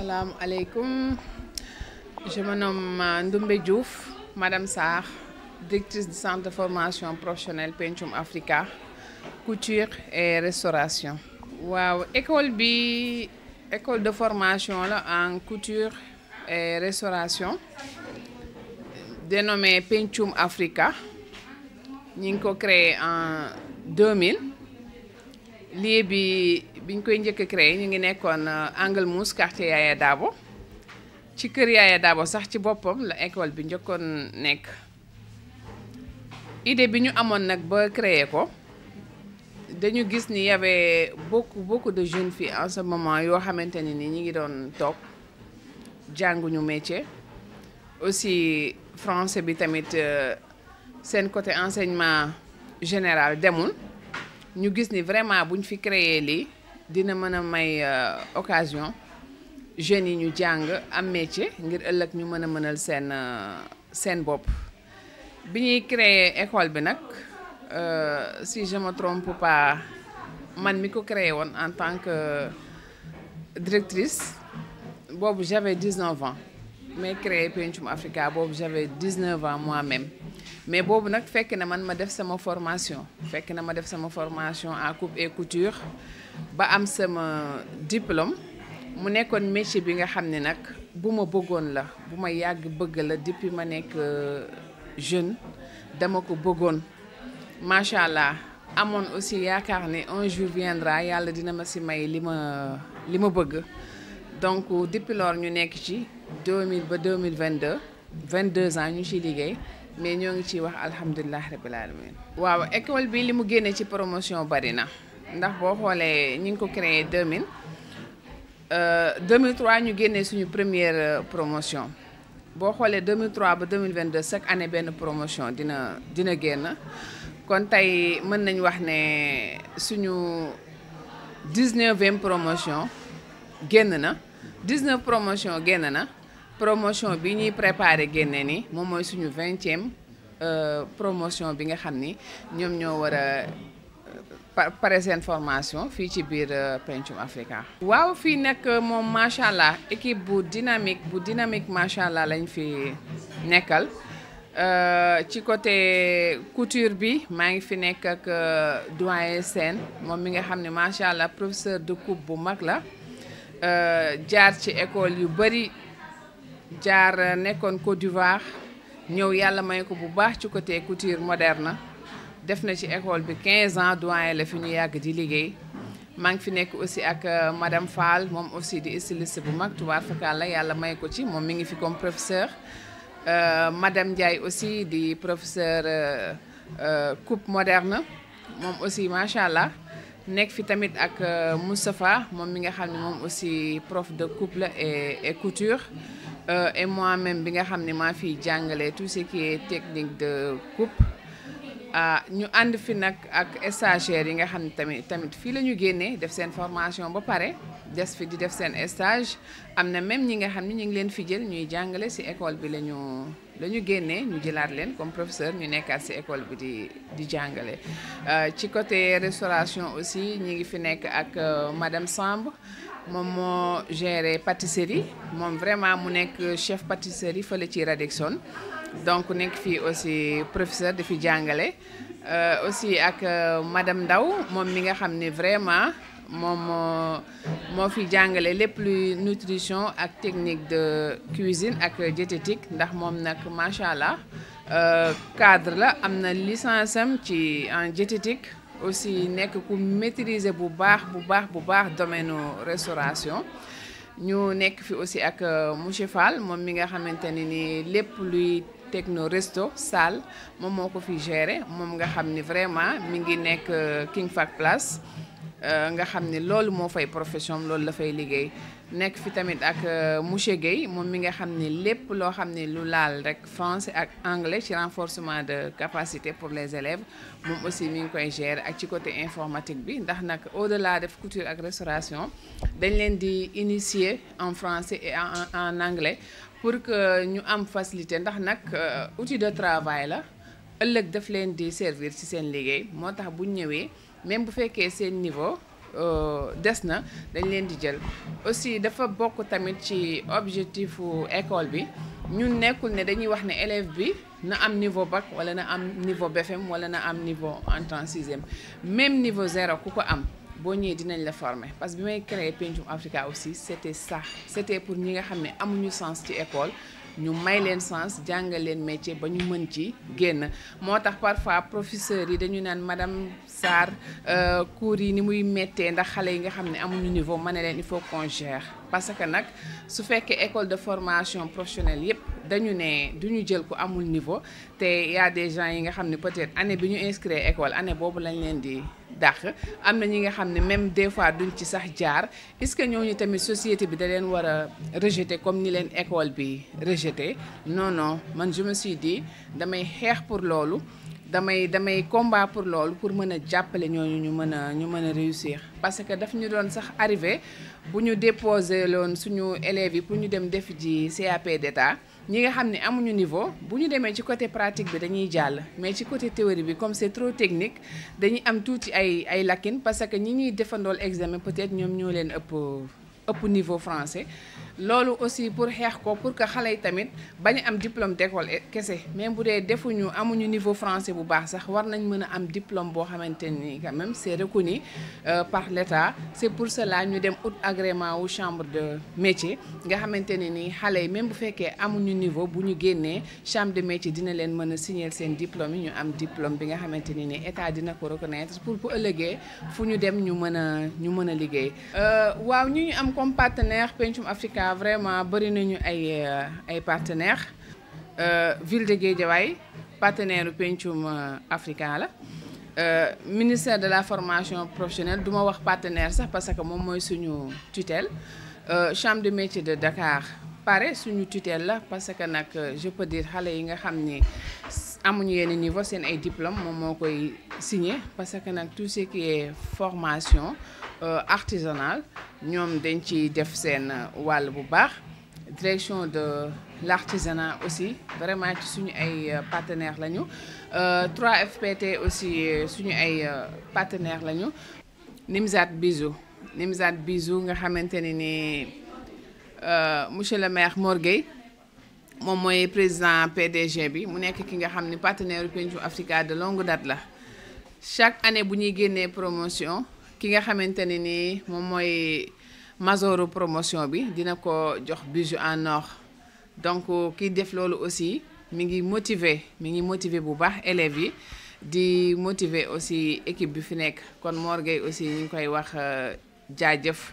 alaikum, Je me nomme euh, Ndoumbe Diouf, Madame Sarr, directrice du centre de formation professionnelle Pentium Africa, couture et restauration. Wow, école école de formation en couture et restauration dénommée Pentium Africa. Nous avons créé en 2000 biñ koy njëkk a créé ñu ngi nekkoon euh, Angle Mousse quartier yaaya Dabo ci kër yaaya Dabo sax ci boppam la école bi njëkkoon nekk idée bi ñu amoon nag ba créé ko dañu gis ni y avait beaucoup beaucoup de jeunes filles en ce moment yoo xamante ni ñi ngi doon toog jànguñu métier aussi français bi tamit euh, seen côté enseignement général demul ñu gis ni vraiment buñ fi créé lii dina mën may euh, occasion jeune ñu jàng am métier ngir ëllëg ñu mëna mënal seen euh, seen bopp bi ñuy créer école bi nag euh, si je me trompe pas man mi ko créé woon en tant que directrice boobu j'avais 19 ans mais créé Pencum Africa boobu j'avais 19 ans moi-même mais boobu nag fekk na man ma def sama formation fekk na ma def sama formation en coupe et couture ba am sama diplôme mu nekkoon métier bi nga xam ne nag bu ma bëggoon la bu ma yàgg bëgg la depuis ma nekk euh, jeune dama ko bëggoon macha allah amoon aussi yaakaar ne un jour viendra yàlla dina ma si may li ma li ma bëgg donc depuis lors ñu nekk ci 2000 ba vingt deux vingt 22 ans ñu ciy liggéey mais ñoo ngi ciy wax alhamdulilah rabbil alamin waaw école bi li mu génne ci promotion bari na. ndax boo xoolee ñu ngi ko créé 2000 2003 euh, ñu génnee suñu première euh, promotion boo xoolee 2003 ba 2022 chaque année benn promotion dina dina génn kon tey mën nañ wax ne suñu 19e promotion génn na 19 promotion génn na promotion bi ñuy préparé génne ni moom mooy suñu 20e euh, promotion bi nga xam ni ñoom ñoo war a pare seen formation fii ci biir euh, Pencum Africa. waaw fii nekk euh, moom macha allah équipe bu dynamique bu dynamique macha allah lañ fi nekkal euh, ci côté couture bi maa ngi fi nekk ak doyen Sène moom mi nga xam ne macha allah professeur de coupe bu mag la jaar ci école yu bëri jaar nekkoon Côte d'Ivoire ñëw yàlla may ko bu baax ci côté couture moderne. def na ci école bi 15 ans doyen la fi ñu yàgg di liggéey maa ngi fi nekk aussi ak euh, madame Fall moom aussi di styliste bu mag tubaar fakal la yàlla may ko ci moom mi ngi fi comme professeur euh, madame Ndiaye aussi di professeur euh, coupe moderne moom aussi macha allah nekk fi tamit ak Moustapha moom mi nga xam ne moom aussi prof de coupe et et couture et moi-même bi nga xam ne maa fi jàngale tout ce qui est technique de coupe ah ñu ànd fi nag ak stagiaire yi nga xamni tamit tamit fii la ñu def sen formation ba paré des fi di def sen stage amna même ñi nga xamni ne ñu ngi leen fi jël ñuy jàngalé ci école bi lañu lañu la ñu jëlat ñu leen comme professeur ñu nekkaat ci école bi di di jàngalé euh ah, ci côté restauration aussi ñi ngi fi nekk ak euh, madame Samb moom moo géré pâtisserie mom vraiment mu nekk chef pâtisserie fële ci Radisson donc nek fi aussi professeur de fi euh, aussi ak euh, madame Ndaw mom mi nga xamné vraiment mom mo fi plus lépp luy nutrition ak technique de cuisine ak diététique ndax mom nak machallah allah euh, cadre la amna licence am ci en diététique aussi nek ku maîtriser bu baax bu baax bu baax domaine restauration. ñu nek fi aussi ak euh, monsieur Fall mom mi nga xamante ni lépp luy techno resto salle mom moko fi gérer mom nga xamni vraiment mi ngi nek euh, King Fac Place euh, nga xamni ni mo fay profession l'ol la fay liguey nek fi tamit ak euh, monsieur Guèye mom mi nga xamni lepp lo xamni lu laal rek français ak anglais renforcement de capacité pour les élèves mom aussi mi ngi koy gérer ak ci côté informatique bi ndax nak au-delà de couture ak restauration dañ leen di initier en français et en anglais pour que ñu am facilité ndax nag euh, outil de travail la ëllëg daf leen di servir ci seen liggéey moo tax bu ñëwee même bu fekkee seen niveau euh, des na dañ leen di jël aussi dafa bokk tamit ci objectifu école bi ñun nekkul ne dañuy wax ne élève bi na am niveau bac wala na am niveau BFEM wala na am niveau en temps sixième même niveau zéro ku ko am boo ñëwee dinañ la former parce que bi may créer Pencum Africa aussi c'était ça c'était pour ñi nga xamné amuñu sens ci école ñu may leen sens jàngal leen métier ba ñu mën ci génn moo tax parfois professeurs yi dañu naan madame sar euh, cours yi ni muy méttee ndax xale yi nga xam ne amuñu niveau ma ne leen il faut qu'on gère parce que nag su fekkee école de formation professionnelle yépp dañu ne duñu jël ko amul niveau te y des gens yi nga xam ne peut-être année bi ñu inscrire école année boobu lañ leen di dàq am na ñi nga xam ne même des fois duñ ci sax jaar est-ce que ñooñu tamit société bi da leen war a comme ni leen école bi rejeter non man je me di damay xeex pour loolu damay damay combat pour loolu pour mën a jàppale ñooñu ñu mën a ñu mën a réussir parce que daf ñu doon sax arrivé bu ñu déposé loon suñu élèves yi pour ñu dem def ji CAP d'état ñi nga xam ne amuñu niveau bu ñu demee ci côté pratique bi dañuy jàll mais ci côté théorie bi comme c'est trop technique dañuy am tuuti ay ay lacunes parce que ñi ñuy defandool examen peut-être ñoom ñoo leen ëpp ëpp niveau français loolu aussi pour xeex ko pour que xale yi tamit bañ am diplôme quest kese même bu dee defuñu amuñu niveau français bu baax sax war nañ mën a am diplôme boo xamante ni quand même c'est reconnu euh, par l'État c'est pour cela ñu dem ut agrément wu chambre de métier nga xamante ne ni xale yi même bu fekkee amuñu niveau bu ñu génnee chambre de métier dina leen mën a signer seen diplôme yi ñu am diplôme bi nga xamante ni ni État dina ko reconnaître pour bu ëllëgee fu ñu dem ñu mën a ñu mën a liggéey euh, waaw ñu ñu am comme partenaire Pencum Africa vraiment bëri nañu ay euh, ay partenaires euh, ville de Guédiaway partenaire Pencum euh, Africa la ministère de la formation professionnelle duma partenaire sax parce que moom moy suñu tutelle chambre de métier de Dakar pareil suñu tutelle la parce que nak je peux dire xalé yi nga xamni nous avons niveau seen diplôme parce que tout ce qui est formation euh, artisanale ci def direction de l'artisanat aussi vraiment ci partenaires 3FPT aussi suñu ay euh, euh, partenaires lañu Nimzat Bisou Nimzat Bisou nga le maire moom mooy président PDG bi mu nekk ki nga xam ni partenaire Pencum Africa de longue date la chaque année bu ñuy génnee promotion ki nga xamante ne ni moom mooy mazoru promotion bi dina ko jox bijou en or donc kiy def loolu aussi mi ngi motiver mi ngi motiver bu baax élèves yi di motiver aussi équipe bi fi nekk kon Mor Gueye aussi ñu ngi koy wax euh, jaajëf.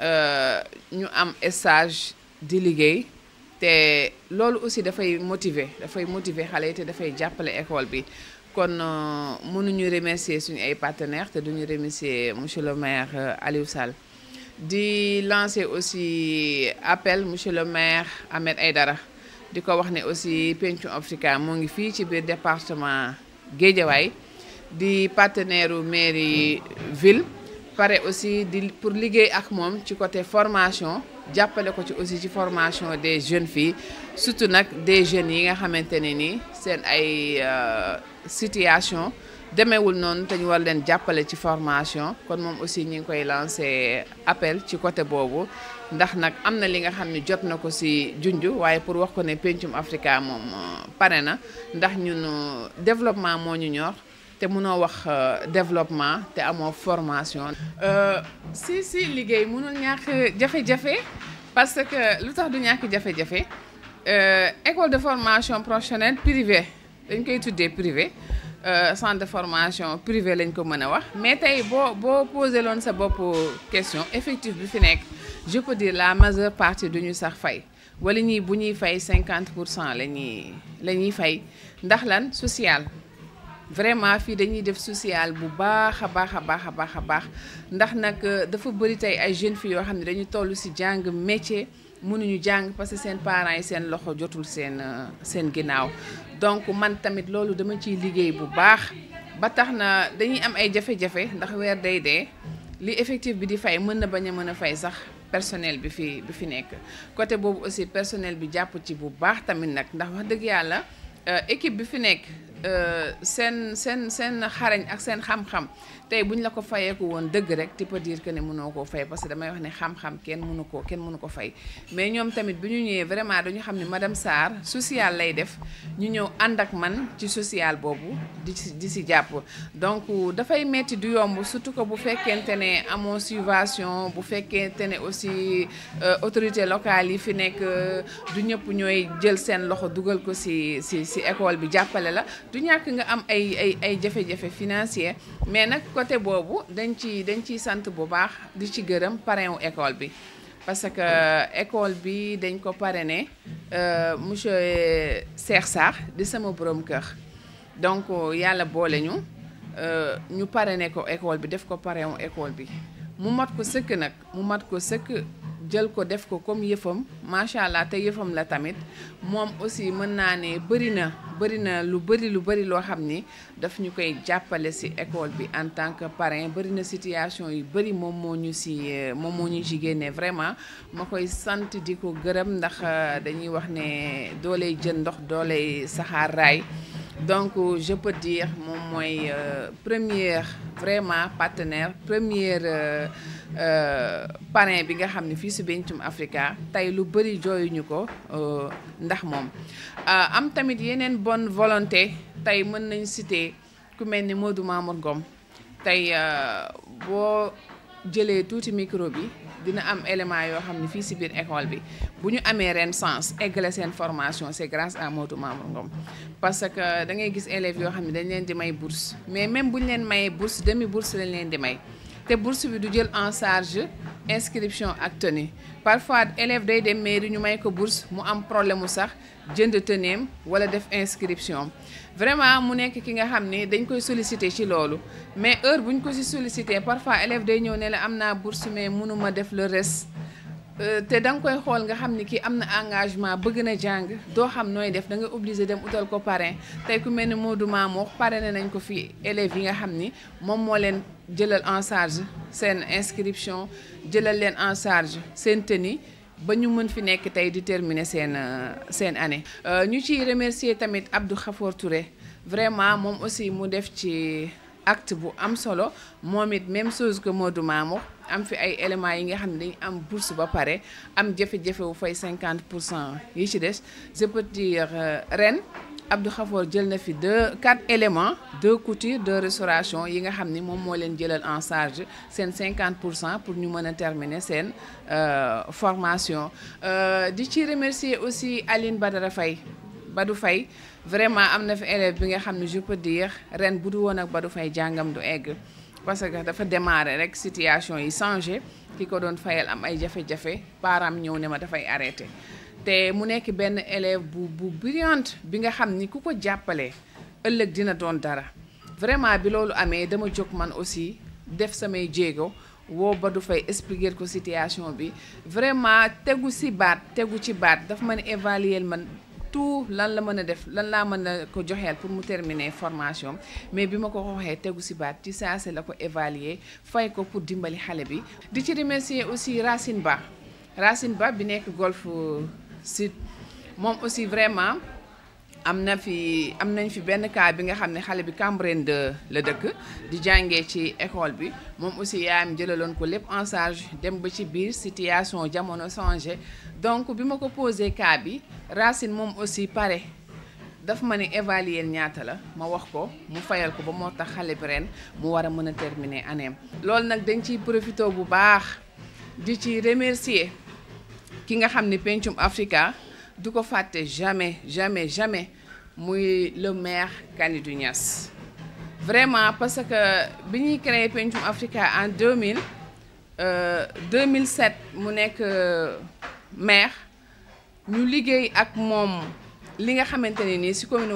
Euh, ñu am stage délégué. liggéey te aussi, aussi dafay motiver dafay motiver xale faire te dafay jàppale école bi nous remercions euh, remercier nos partenaires nous duñu remercier monsieur le maire euh, Aliou Sall di lancer aussi appel monsieur le maire Ahmed Aïdara di ko aussi Pencum Africa mo ngi fi ci biir département Guédiaway di partenaire mairie ville pare aussi pour liguer ak moi, ci côté formation j'appelle ko ci aussi ci formation des jeunes filles surtout nag des jeunes yi nga xamante ne ay euh, situation demain noonu non, ñu war leen jàppale ci formation kon moom aussi nous ngi koy lancé appel ci côté boobu ndax nak amna li nga xamni jot na ko si junj waaye pour wax ko ne pencum Africa mom euh, pare ndax ñun euh, développement mo ñu ñor te mënoo wax euh, développement te amoo formation. Euh, si si liggéey mënul ñàkk jafe-jafe parce que lu tax du ñàkk jafe-jafe euh, école de formation professionnelle privée dañ koy tuddee privé centre de formation privé lañ ko mën a wax. mais tey boo boo posé loon sa bopp question effectif bi fi je peux dire la majeure partie du ñu sax fay. wala ñii bu ñuy fay 50 pour cent la ñuy fay ndax lan social. vraiment fii dañuy def social bu baax a baax a baax a baax a baax ndax nag euh, dafa bëri tey ay jeunes filles yoo xam ne dañu toll ci jàng métier mënuñu jàng parce que seen parents yi seen loxo jotul seen euh, seen ginnaaw donc man tamit loolu dama ciy liggéey bu baax ba tax na dañuy am ay jafe-jafe ndax weer day dee li effective bi di fay mën na bañ a mën a fay sax personnel bi fi bi fi nekk côté boobu aussi personnel bi jàpp ci bu baax tamit nag ndax wax dëgg yàlla euh, équipe bi fi nekk Euh, seen seen seen xarañ ak seen xam-xam tey buñ la ko fayeeku woon dëgg rek tu peux dire que ne mënoo koo fay parce que damay wax ne xam-xam kenn mënu ko kenn mënu ko fay mais ñoom tamit bu ñu ñëwee vraiment dañu xam ne madame Sarr social lay def ñu ñëw ànd ak man ci social boobu di si di si jàpp donc dafay metti du yomb surtout que bu fekkente ne amoo subvention bu fekkente ne aussi euh, autorité locale yi fi nekk euh, du ñëpp ñooy jël seen loxo dugal ko si si si école bi jàppale la du ñàkk nga am ay ay ay jafe-jafe financier mais nag côté bobu dañ ci dañ ci sante bu baax di ci gërëm parrain wu école bi parce que euh, école bi dañ ko parrainé euh monsieur Cheikh Sar di sama borom kër donc euh, yalla bolé ñu euh ñu parrainé ko école bi def ko parrain wu école bi mu mat ko sekk nak mu mat ko sekk jël ko def ko comme yëfam macha allah te yëfam la tamit mom aussi meun naa ne bëri na bëri na lu bëri lu bëri lo xamni daf ñu jappalé ci école bi en tant que parrain bëri na situation yu bëri mom mo ñu ci euh, mom mo ñu jigéene vraiment makoy sante diko gërëm ndax euh, dañuy wax né dooley jën ndox dooley saxaar donc je peux dire moom mooy euh, première vraiment partenaire première parrain bi nga xamni fi fii si Bencum Africa tay lu bëri jooyuñu ko euh, ndax moom euh, am tamit yeneen bon volonté tey mën nañ citer ku mel ni Modou Mamour Ngom tey euh, boo jëlee tuuti micro bi dina am élément yoo xam ne fii si biir école bi bu ñu amee ren sens eggale seen formation c'est grâce à Modou Mamour Ngom parce que da ngay gis élèves yoo xam ne dañ leen di may bourse mais même bu ñu leen mayee bourse demi bourse lañ leen di may te bourse bi du jël en charge inscription ak tenue parfois élève day dem mairie ñu may ko bourse mu am problème sax jënd teneem wala def inscription vraiment mu nekk ki nga xam ne dañ koy solliciter ci loolu mais heure buñ ko ci solliciter parfois élève day ñëw ne la am naa bourse mais mënuma def le reste Euh, te da nga koy xool nga xam ni kii am na engagement bëgg na jàng doo xam nooy def da nga obligé dem utal ko parrain tey ku mel ni Modou pare parrainé nañ ko fi élèves yi nga xam ni moom moo leen jëlal en charge seen inscription jëlal leen en charge seen tenue ba ñu mën fi nekk tey di terminer seen euh, seen année. Euh, ñu ci remercier tamit Abdou Khafour Touré vraiment moom aussi mu def ci. acte am solo momit même chose que Modou de am fi ay éléments yi nga bourse am 50 je peux dire euh, ren Abdou khafour jël na fi deux quatre éléments deux coutures deux restauration yi nga xamni suis en 50 pour euh, formation euh, di remercier aussi Aline Badara Badou vraiment am na fi élève bi nga xam ne je peux dire ren bu du woon ak du fay jàngam du egg parce que dafa démarrer rek situation yi changé ki ko doon fayal am ay jafe-jafe param ñëw ne ma dafay arrêté te mu nekk benn élève bu bu brillante bi nga xam ni ku ko jàppale ëllëg dina doon dara vraiment bi loolu amee dama jóg man aussi def samay jéego woo ba du fay expliquer ko situation bi vraiment tegu si baat tegu ci baat dafa man ne man tout lan la mën a def lan laa mën a ko joxeel pour mu terminer formation mais bi ma ko waxee tegu si baat ci saa si la ko évaluer fay ko pour dimbali xale bi. di ci remercier aussi Racine Ba Racine Ba bi nekk Golf Sud moom aussi vraiment. amna fi am nañ fi benn cas bi nga xam ne xale bi Cambérène de la dëkk di jàngee ci école bi moom aussi yaayam jëlaloon ko lépp en charge dem ba ci biir situation jamono changé donc bi ma ko posé cas bi Racine moom aussi pare daf ma ni évaluer ñaata la ma wax ko mu fayal ko ba moo tax xale bi ren mu war a mën a terminer année loolu nag dañ ciy profité bu baax di ci remercier ki nga xam ne Pencum Africa du ko fàtte jamais jamais jamais muy le maire Kandidou Niass vraiment parce que bi ñuy créé Pencum Africa en 2000 euh, 2007 mu nekk euh, maire ñu liggéey ak mon li nga xamante ne nii commune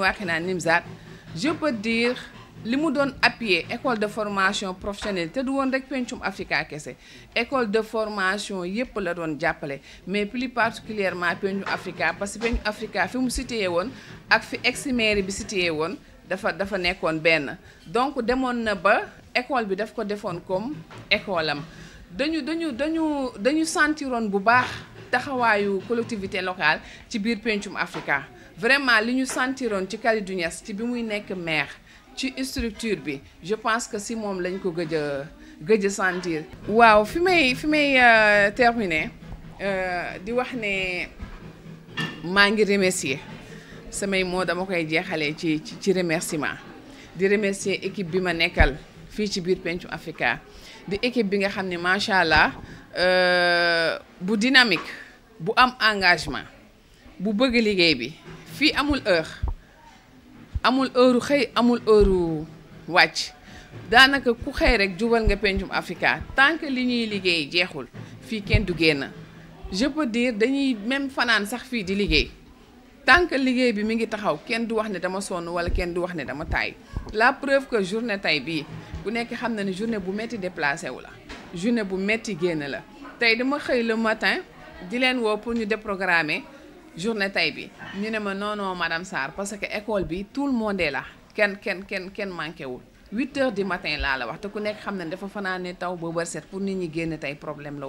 je peux dire li mu doon appuyer école de formation professionnelle te du woon rek pencum Africa kese école de formation yépp la doon jàppale mais plus particulièrement pencum Africa parce que pencum Africa fi mu situé woon ak fi ex-mairie bi situé woon dafa dafa nekkoon benn donc demoon na ba école bi daf ko defoon comme école am dañu dañu dañu dañu sentiroon bu baax taxawaayu collectivité locale ci biir pencum Africa vraiment li ñu sentiroon ci Kalidou ci bi muy nekk maire ci structure bi je pense que si moom lañ ko gëj a gëj a sentir. waaw fi may fi may euh, terminer euh, di wax ne maa ngi remercier samay moo dama koy jeexalee ci ci remerciement di remercier équipe bi ma nekkal fii ci biir Pencum Africa di équipe bi nga xam ne macha allah euh, bu dynamique bu am engagement bu bëgg liggéey bi fii amul heure. amul heure xëy amul heure wàcc daanaka ku xëy rek jubal nga pencum Africa tant que li ñuy liggéey jeexul fii kenn du génn je peux dire dañuy même fanaan sax fii di liggéey tant que liggéey bi mi ngi taxaw kenn du wax ne dama sonn wala kenn du wax ni dama taay la preuve que journée tay bii ku nekk xam na ne journée bu metti déplacé wu la journée bu metti génn la tey dama xëy le matin di leen woo pour ñu programme journée taille. bi ñu ne non non madame Sar, parce que école bi tout le monde est là Ken, ken, ken, ken manqué où? 8 heures du matin là la wax te ku nekk xam ne dafa fanaan ne taw ba bër set pour nit ñi génn problème la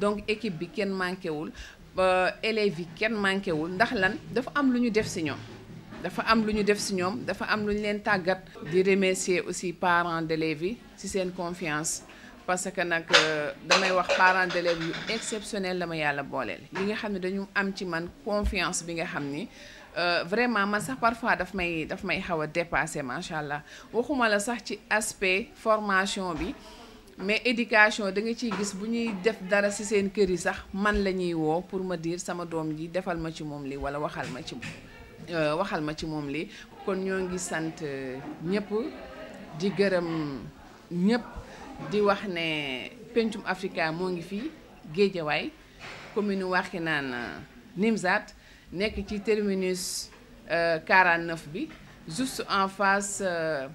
donc équipe bi kenn manqué wul élèves yi kenn manqué wul ndax lan dafa am lu ñu def si ñoom. dafa am lu ñu def si ñoom dafa am di remercier aussi parents de yi si une confiance. parce que nag euh, damay wax parents d'élèves yu exceptionnel la ma yàlla booleel li nga xam ne dañu am ci man confiance bi nga xam ni euh, vraiment man sax parfois dafa may daf may xaw a dépasé macha allah waxuma la sax ci aspect formation bi mais éducation da nga ciy gis bu ñuy def dara ci seen kër yi sax man la ñuy woo pour ma diir sama doom ji defal ma ci moom lii walla waxal ma ci euh, waxal ma ci moom lii kon ñoo ngi sant ñëpp di gërëm ñëpp. di wax ne pencum Africa moo ngi fii Géejawaay commune Wakhinane Nimzatt nekk ci terminus 49 euh, bi juste en face euh,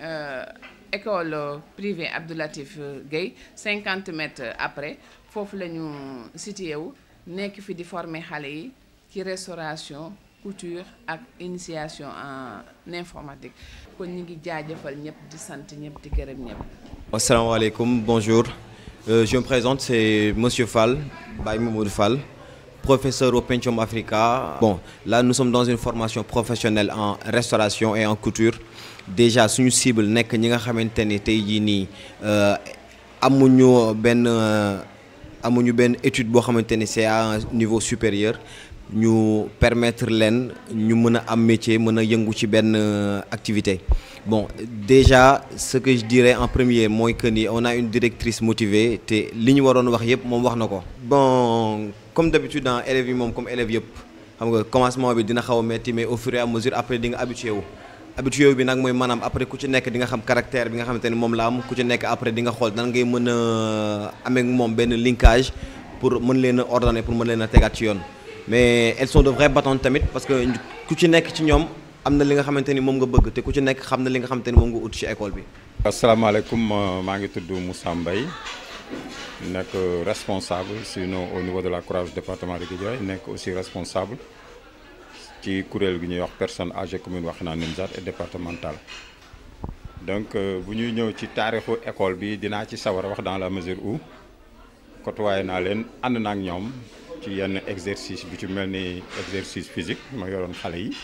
euh, école privée Abdoulatif Gueye 50 mètres après foofu la ñu situé wu nekk fi di former xale yi ci restauration couture ak initiation en informatique kon ñu ngi jaajëfal ñëpp di sant ñëpp di gërëm ñëpp Assalamu alaikum, bonjour. Euh, je me présente, c'est Monsieur Fall, Baïmoumoud Fall, professeur au Pentium Africa. Bon, là nous sommes dans une formation professionnelle en restauration et en couture. Déjà, si cible cibles, ñi nga xamante ne tey jii nii euh, amuñu euh, à un niveau supérieur nous permettre leen ñu un am métier mën Bon, déjà, ce que je dirais en premier, moi, on a une directrice motivée. Et ce que nous devons Bon, comme d'habitude, dans hein, élèves, comme élève, élèves, le commencement, mais au fur et à mesure, après, on habitué. habitué bi nag mooy maanaam après ku ci nekk di nga xam caractère bi nga xamante ne moom la am ku ci nekk après di nga xool nan ngay mën a amee moom benn linkage pour mën leen a ordonner pour mën leen a ci yoon mais elles sont de vraies battantes tamit parce que ku ci nekk ci ñoom am na li nga xamante ni moom nga bëgg te ku ci nekk xam na li nga xamante ni moom nga ut ci école bi. asalaamaaleykum euh, maa ngi tudd Moussa Mbaye nekk responsable sinon au niveau de la Croix-Rouge département de Guédiawaye nekk aussi responsable ci kuréel gi ñuy wax personne âgée commune wax Wakhinane Nimzatt et départemental donc euh, bu ñuy ñëw ci taarixu école bi dinaa ci sawar wax dans la mesure où côtoyé naa leen ànd naa ak ñoom ci yenn exercice bu ci mel ni exercice physique ma yoroon xale yi.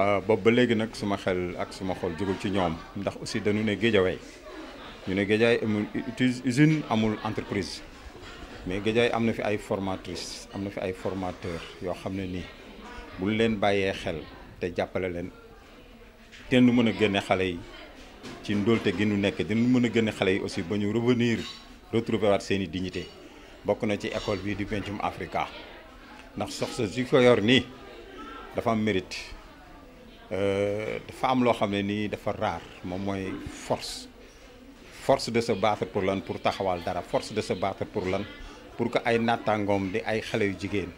Euh, boobu ba léegi nag suma xel ak suma xol jógul ci ñoom ndax aussi dañu ne géejawaay ñu ne géejawaay amul usine amul entreprise mais géejawaay am na fi ay formatrice am na fi ay formateur yoo xam ne nii buñ leen bàyyee xel te jàppale leen te nu mën a génne xale yi ci ndóolte gi nu nekk dinañ mën a génne xale yi aussi ba ñu revenir retrouver waat seen i dignité bokk na ci école bii di Pencum Africa ndax sox sa si yor nii dafa am mérite Euh, dafa am loo xam ne nii dafa rare moom mooy force force de se battre pour lan pour taxawal dara force de se battre pour lan pour que ay nattaangoom di ay xale yu jigéen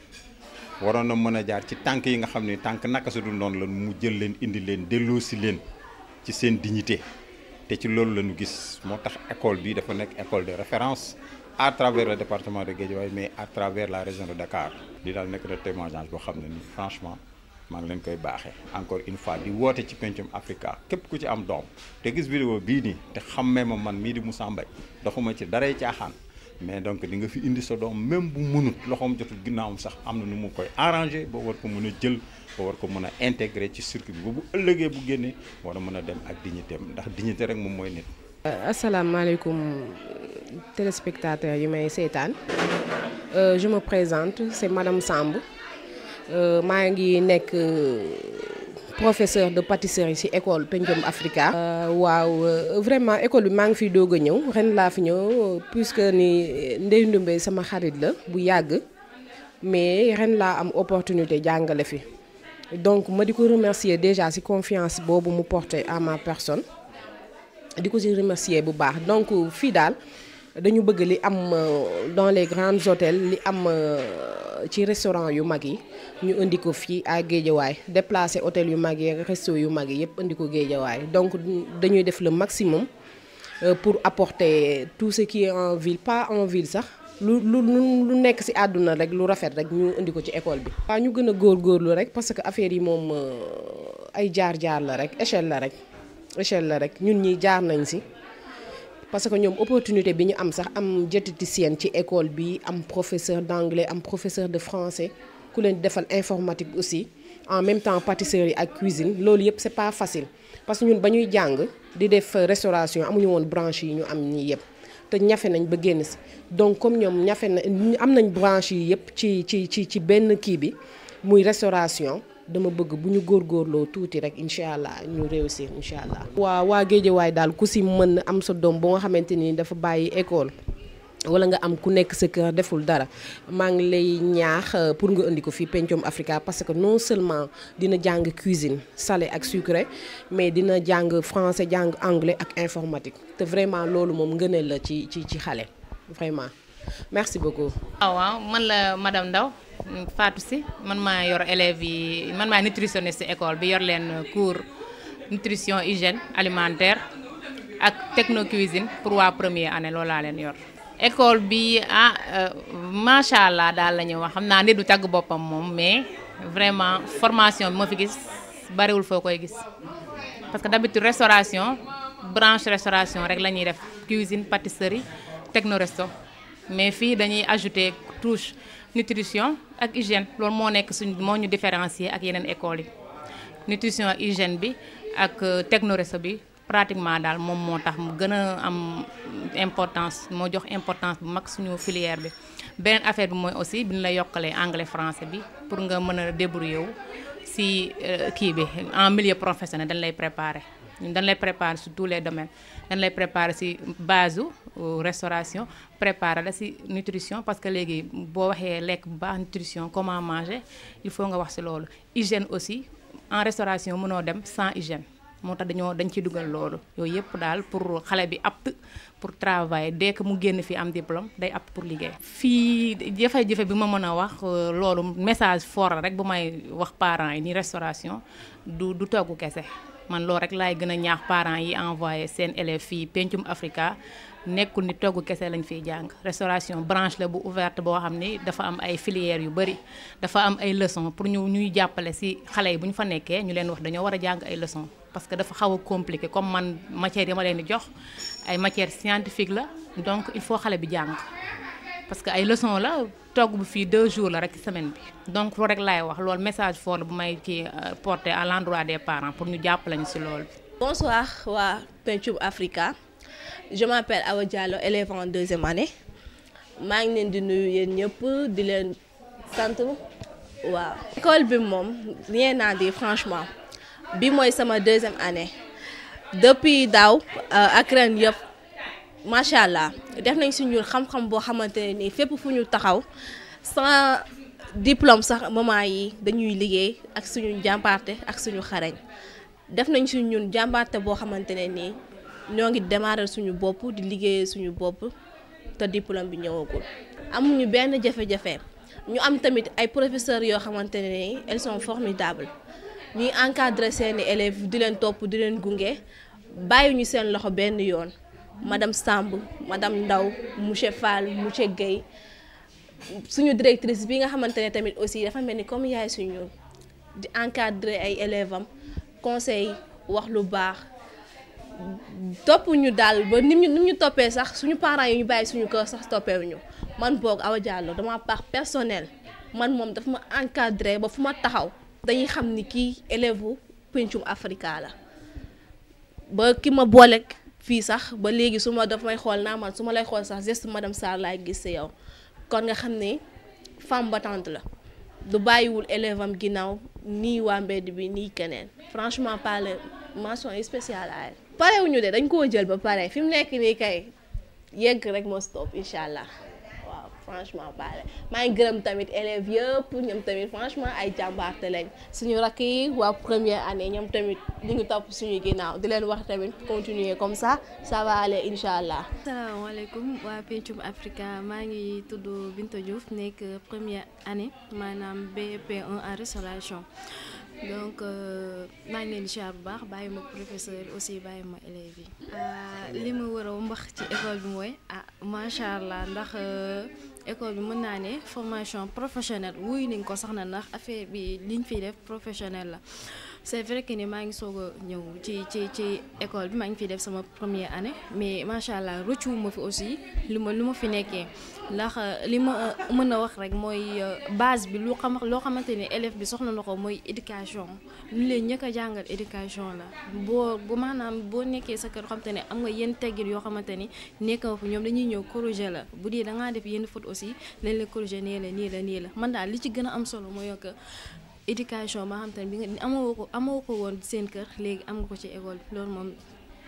waroon na mën a jaar ci tànk yi nga xam ne tànk naka su dul noonu la mu jël leen indi leen delloosi leen ci seen dignité te ci loolu lañu ñu gis moo tax école bi dafa nekk école de référence à travers le département de Guédiawaye mais à travers la région de Dakar di daal nekk na témoignage boo xam ne ni franchement maa ngi leen koy baaxee encore une fois di woote ci pencum Africa képp ku ci am doom te gis vidéo bii nii te xammee ma man mii di mu Moussa Mbaye doxuma ci daray caaxaan mais donc di nga fi indi sa doom même bu munut loxoom jotul ginnaawam sax am na nu mu koy arrangé ba war ko mën a jël ba war ko mën a intégré ci circuit bi bu ëllëgee bu génnee war a mën a dem ak dignité ndax dignité rek moom mooy nit. Euh, asalaamaaleykum téléspectateurs yi may seetaan euh, je me présente c'est madame Samb. Euh, maa ngi nekk euh, professeur de pâtisserie ci école Pencum Africa. Euh, waaw vraiment école bi maa ngi fiy doog a ren fi puisque ni Ndeye Ndumbe sama xarit la bu mais ren la am opportunité jàngale fi donc ma di ko remercier déjà ci confiance boobu mu porté à ma personne Du coup je remercier bu baax donc fii daal dañu bëgg li am euh, dans les grands hôtels li am euh, ci restaurant yu magi ñu indi ko à Guédiaway déplacer hôtel yu magi yi resto yu magi yépp yëpp ko donc dañuy def le maximum euh, pour apporter tout ce qui est en ville pas en ville sax lu lu lu nekk ci aduna rek lu rafet rek ñu indi ko ci école bi. waaw ñu gor gor lu rek parce que affaire yi mom ay jaar-jaar la rek échelle la rek échelle la rek ñun ñi jaar nañ ci parce que nous opportunité bi ñu am sax am diététicienne ci école bi am professeur d'anglais am professeur de français ku leen informatique aussi en même temps pâtisserie ak cuisine loolu yépp c'est pas facile parce que nous, ba ñuy jàng di def restauration amuñu woon branche yi ñu am nii yépp te donc comme nous avons na am nañ branche yi yépp ci ci ci ci restauration dama bëgg bu ñu ce tuuti rek ñu si am sa doom nga xamante dafa école. wala nga am ku nekk deful dara ngi lay euh, pour Africa parce que non seulement dina jàng cuisine salé ak sucré mais dina jàng français jàng anglais ak informatique te vraiment la ci ci vraiment merci beaucoup. Ah suis man la madame Ndaw Fatou man ma yor nutritionniste école bi yor len cours nutrition hygiène alimentaire ak techno pour la première année L'école len yor. école bi ah euh, machallah dal lañu wax du mais vraiment formation est fi gis bariwul fokoy parce que d'habitude restauration branche restauration rek la def cuisine pâtisserie techno resto mais fi dañuy ajouter touche nutrition ak hygiène lool mo nek suñ mo ñu différencier ak yenen écoles yi nutrition ak hygiène bi ak euh, technoreso bi pratiquement dal mom moo tax mu gëna am importance mo jox importance bu mag suñu filière bi benen affaire bi moy aussi bi la yokkalee anglais français bi pour nga mëna a débrouiller wu si euh, ki bi en milieu professionnel dañ lay préparer ñun dañ lay préparer sur tous les domaines dañ lay préparer si base restauration préparer la si nutrition parce que léegi boo waxee lekk bu nutrition comment manger il faut nga wax si loolu hygiène aussi en restauration mënoo dem sans hygiène moo tax dañoo dañ ci dugal loolu yooyu yëpp daal pour xale bi apte pour travailler dès que mu génn fii am diplôme day apte pour liggéey. fii jafe-jafe bi ma mën a wax euh, loolu message fort rek bu may wax parents yi ni restauration du du togg kese man loolu rek laay gën a ñaax parents yi envoyé seen élèves fii Pencum Africa nekkul ni togg kese lañ fiy jàng restauration branche la bu ouverte boo xam ni dafa am ay filières yu bëri dafa am ay leçons pour ñu ñuy jàppale si xale yi bu ñu fa nekkee ñu leen wax dañoo war a jàng ay leçons parce que dafa xaw a compliqué comme man matière yi ma leen di jox ay matière scientifique la donc il faut xale bi jàng parce que ay leçon la togg bu deux jours la rek semaine bi donc loolu rek lay wax message fort la bu may euh, porté à l'endroit des parents pour nous jàppale ñu si loolu. bonsoir wa Pencum Africa je m'appelle Awa Diallo élève en deuxième année ma ngi len di nuyu yeen ñepp di len sant wa école bi mom rien à dire franchement bi moy sama deuxième année depuis daaw euh, ak ren yëpp. macha allah def nañ si ñun xam-xam boo xamante ne nii fépp fu ñu taxaw sans diplôme sax moment yi dañuy liggéey ak suñu jàmbaarte ak suñu xareñ def nañ si ñun jàmbaarte boo xamante ne nii ñoo ngi démarrer suñu bopp di liggéeyee suñu bopp te diplôme bi ñëwagul amuñu benn jafe-jafe ñu am tamit ay professeurs yoo xamante ne nii elles sont formidables ñuy encadrer seeni élèves di leen topp di leen gunge bàyyi ñu seen loxo benn yoon. madame Samb madame Ndaw monsieur Fall monsieur Guèye suñu directrice bi nga xamante ne tamit aussi dafa mel ni comme yaay suñu di encadrer ay élèves am conseil wax lu baax topp ñu daal ba ni ñu ñu toppee sax suñu parent yi ñu bàyyi suñu kër sax toppee ñu man boog Awa Diallo dama part personnel man moom dafa ma encadrer ba fu ma taxaw dañuy xam ni kii élève u Pencum la ba ki ma booleeg fii sax ba léegi su ma daf may xool naa man su ma lay xool sax geste madame Sarr laay gis si yow kon nga xam ne femme battante la du bàyyiwul élève am ginnaaw nii waa mbedd bi nii keneen franchement parler mention spéciale à elle parewuñu de dañ koo jël ba pare fi mu nekk nii kay yegg rek moo stop incha allah franchement baale maa ngi gërëm tamit élèves yëpp ñoom tamit franchement ay jàmbaarte lañ suñu rakk yi waa première année ñoom tamit ñu ngi topp suñu ginnaaw di leen wax tamit continuer comme ça ça va aller incha allah. asalaamaaleykum waa Pencum Africa maa ngi tudd Binta Diouf nekk première année maanaam BEP1 en donc euh, maa ngi leen di bu baax bàyyi ma professeur aussi bàyyi ma élèves yi. Ah, ah, li ma war a wax ci école bi mooy ah macha allah ndax euh, école bi mën naa ne formation professionnel wuy nañ ko sax na ndax affaire bi liñ fiy def professionnelle la. c'est vrai que ni maa ngi soog a ñëw ci ci ci école bi maa ngi fi def sama première année mais macha allah rëccu ma fi aussi lu ma lu ma fi nekkee ndax euh, li ma euh, mën a wax rek mooy euh, base bi lu xam loo xamante ni élève bi soxla na ko mooy éducation lu leen ñëkk a jàngal éducation la boo bu maanaam boo nekkee sa kër xamante ne am nga yenn teggin yoo xamante ni nekkoo fu ñoom dañuy ñëw corriger la bu dee da def yenn faute aussi dañ la corriger nii la nii la nii la man daal li ci gën a am solo mooy que éducation ba xam te ne bi nga amoo ko amoo ko woon seen kër léegi am nga ko ci école bi loolu moom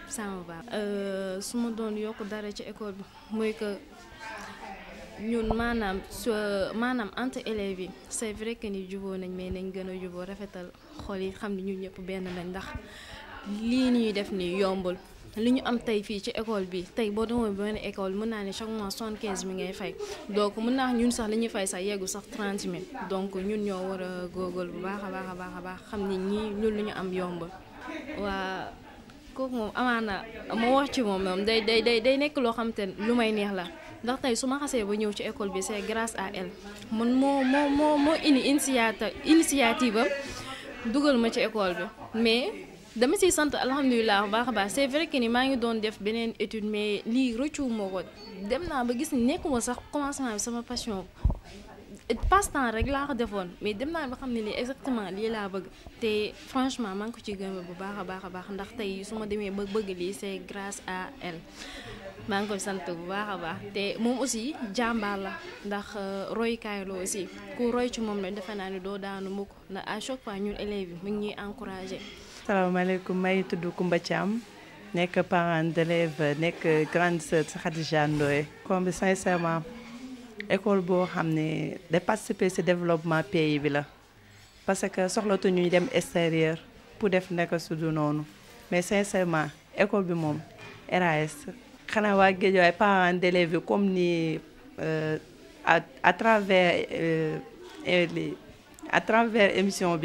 ça me va. Euh, su ma doon yokk dara ci école bi mooy que ñun maanaam su maanaam entre élèves yi c'est vrai que ni juboo nañ mais nañ gën a juboo rafetal xol yi xam ne ñun ñëpp benn lañ ndax lii ñuy def ni yombul. li ñu am tey fii ci école bi tey boo demoon benn école mën naa ne chaque mois soixante quinze mille ngay fay donc mën naa ñun sax li ñuy fay sax yeggu sax trente mille donc ñun ñoo war a góorgóorlu bu baax a baax a baax a baax xam ni ñii ñun lu ñu am yomb waa kooku moom amaana ma wax ci moom moom day day day day nekk loo xam te lu may neex la ndax tey su ma xasee ba ñëw ci école bi c'est grâce à elle man moo moo moo moo indi initiative initiative dugal ma ci école bi mais dama siy sant alhamdulilah bu baax a baax c'est vrai que ni maa ngi doon def beneen étude mais lii rëccu moo ko dem naa ba gis ni nekkuma sax commencement bi sama passion passe temps rek laa ko defoon mais dem naa ba xam ne nii exactement lii laa bëgg te franchement maa ngi ko ci gëm bu baax a baax a baax ndax tey su ma demee ba bëgg lii c'est grâce à elle maa ngi koy sant bu baax a baax te moom aussi jàmbaar la ndax euh, royukaay la aussi ku roy ci moom la defe naa ne doo daanu mukk na à chaque fois ñun élèves yi mu ngi ñuy encouragé salaamaaleykum may tudd Koumba parent grande sœur Khadija Ndoye sincèrement école de participer développement pays parce que ñuy dem extérieur pour def nek sudu mais sincèrement école bi parent comme ni euh, à travers euh, à travers émission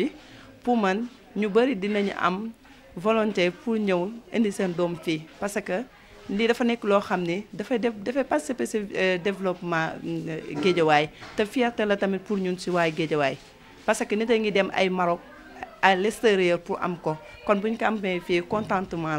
pour man ñu bëri ñu am volonté pour ñëw indi seen doom fii parce que lii dafa nekk loo xam ni dafay def dafay participer si euh, développement euh, Guédiawaye te fierté la tamit pour ñun si waay géejawaay parce que nit a ngi dem ay Maroc à l'extérieur pour am ko kon bu ñu ko am fii contentement